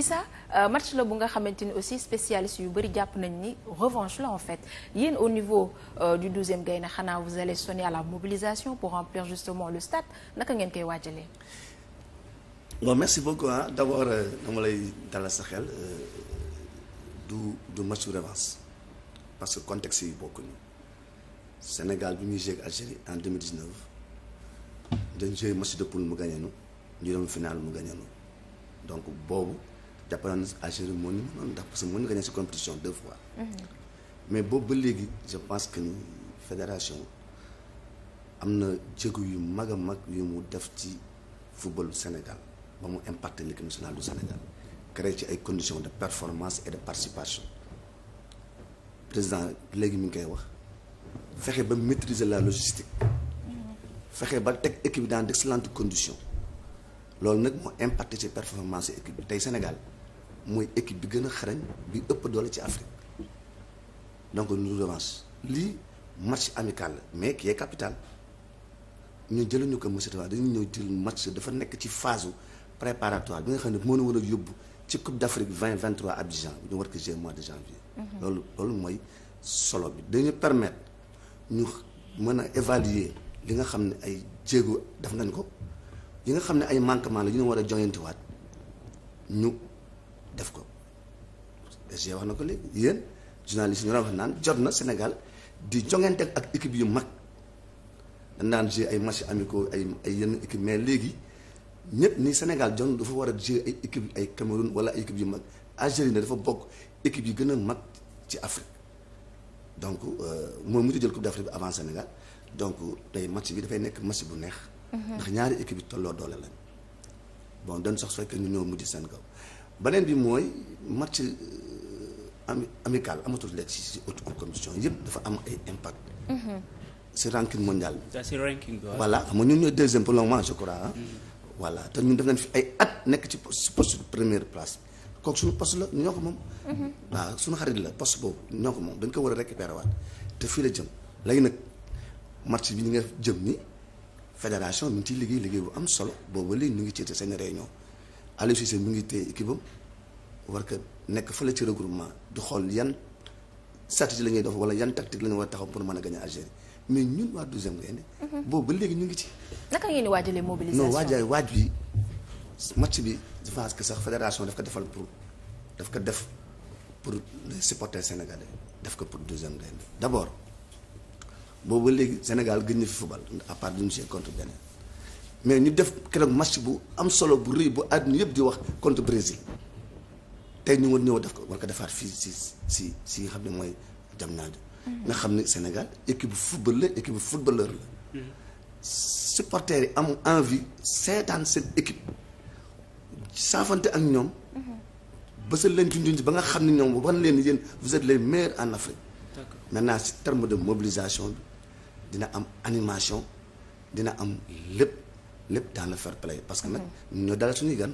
Issa euh, match la bu nga xamante ni aussi spécialiste yu bëri jàpp nañ ni revanche la en fait yéen au niveau euh, du douzième Gaïndé xanaa vous allez sonner à la mobilisation pour remplir justement le stade naka ngeen koy waajalee. bon merci beaucoup ah d' abord sa xel euh, du du match revanche parce que contexte yi bokkuñu Sénégal bi ñuy joué Algérie en 2019 dañ joué match de poule mu gagné ñu ñu mu gagné donc boobu. jàpp naa ne Algérie moo ñu mënoon ndax parce que mën na gagné compétition deux fois. Mm-hmm. mais boobu ba léegi je pense que ni fédération am na jéego yu mag a mag yu mu def ci football Sénégal ba mu impacte l'équipe nationale du Sénégal créé ci ay conditions de performance et de participation président léegi mi ngi koy wax fexe ba maîtriser la logistique. Mm-hmm. fexe ba teg équipe dans d'excellentes condition loolu nag moo impacte ci performance équipe bi tey Sénégal mooy équipe bi gën a xarañ bi ëpp doole ci Afrique donc ñu revanche lii match amical la mais qui est capital ñu jëluñu ko monsieur Tafa dañu ñëw jël match dafa nekk ci phase préparatoire bi nga xam ne moo war a yóbbu ci Coupe d'Afrique 2023 Abidjan ñu war ko jouer mois de janvier. Mhm. loolu loolu mooy solo bi dañu permettre ñu mën a évaluer li nga xam ne ay jéego def nañ ko yi nga xam ne ay manquement la ñu war a joyantiwaat def ko SG wax na ko léegi yéen journaliste yi ñu wax naan jot na Sénégal di jongante ak équipe yu mag dañ daan jouer ay matchs amicaux ay ay yenn équipe mais léegi ñëpp ni Sénégal jon dafa war a jouer ay équipe ay Cameroun wala ay équipe yu mag Algérie ne dafa bokk équipe yi gën a mag ci Afrique donc euh, moom mu jël coupe d'Afrique bi avant Sénégal donc tey match bi dafay nekk match bu neex. Mhm. ndax ñaari équipe yi tolloo doole lañ. bon dañ sax fekk ñu beneen bi mooy match euh, ami amical amatul lekk si si haute compétition yëpp dafa am ay impact. Mhm. si ranking mondial bi. si ranking voilà xam nga ñun ñooy deuxième pour le moment je mhm. fi ay at nekk ci poste première place bi kooku suñu poste la ñoo ko moom. Mhm. waaw xarit la post boobu ñoo ko moom dañ ko war a récupérer waat te fii la jëm léegi nag match bi ñu nga jëm ni fédération ñu ngi ciy liggéey liggéey bu am solo boobu léegi ñu ngi ciy seen réunion. Aliou Cissé mu ngi téye équipe am war ko nekk fële ci regroupement du xool yan stratégie la ñuy def wala yan tactique la ñu war a taxaw pour mën a gagner Algérie mais ñun waa douzième Gaïndé mhm. boobu ba léegi ñu ngi ci. naka ngeen di waajalee mobilisation non waajaay waaj bi match bi je pense que sax fédération daf ko defal pour daf ko def pour les supporters sénégalais daf ko pour douzième Gaïndé d' abord boobu ba léegi Sénégal gën ñu fi football à part du ñu contre Bénin. mais ñu def keroog match bu am solo bu rëy bu àdduna yëpp di wax contre Brésil tey ñu war ñëw def ko war ko defaat fii si si si nga xam ne mooy Diamniadio mm-hmm. nga xam ne Sénégal équipe bu football la équipe mm-hmm. yi am envie seetaan seen équipe saafante ak ñoom mm-hmm. ba sa leen junjunj ba nga xam ne ñoom wan leen yéen vous êtes maire en Afrique maintenant si terme de mobilisation dina am animation dina am lépp lépp dans le fair play parce que nag ñoo dala suñuy gan.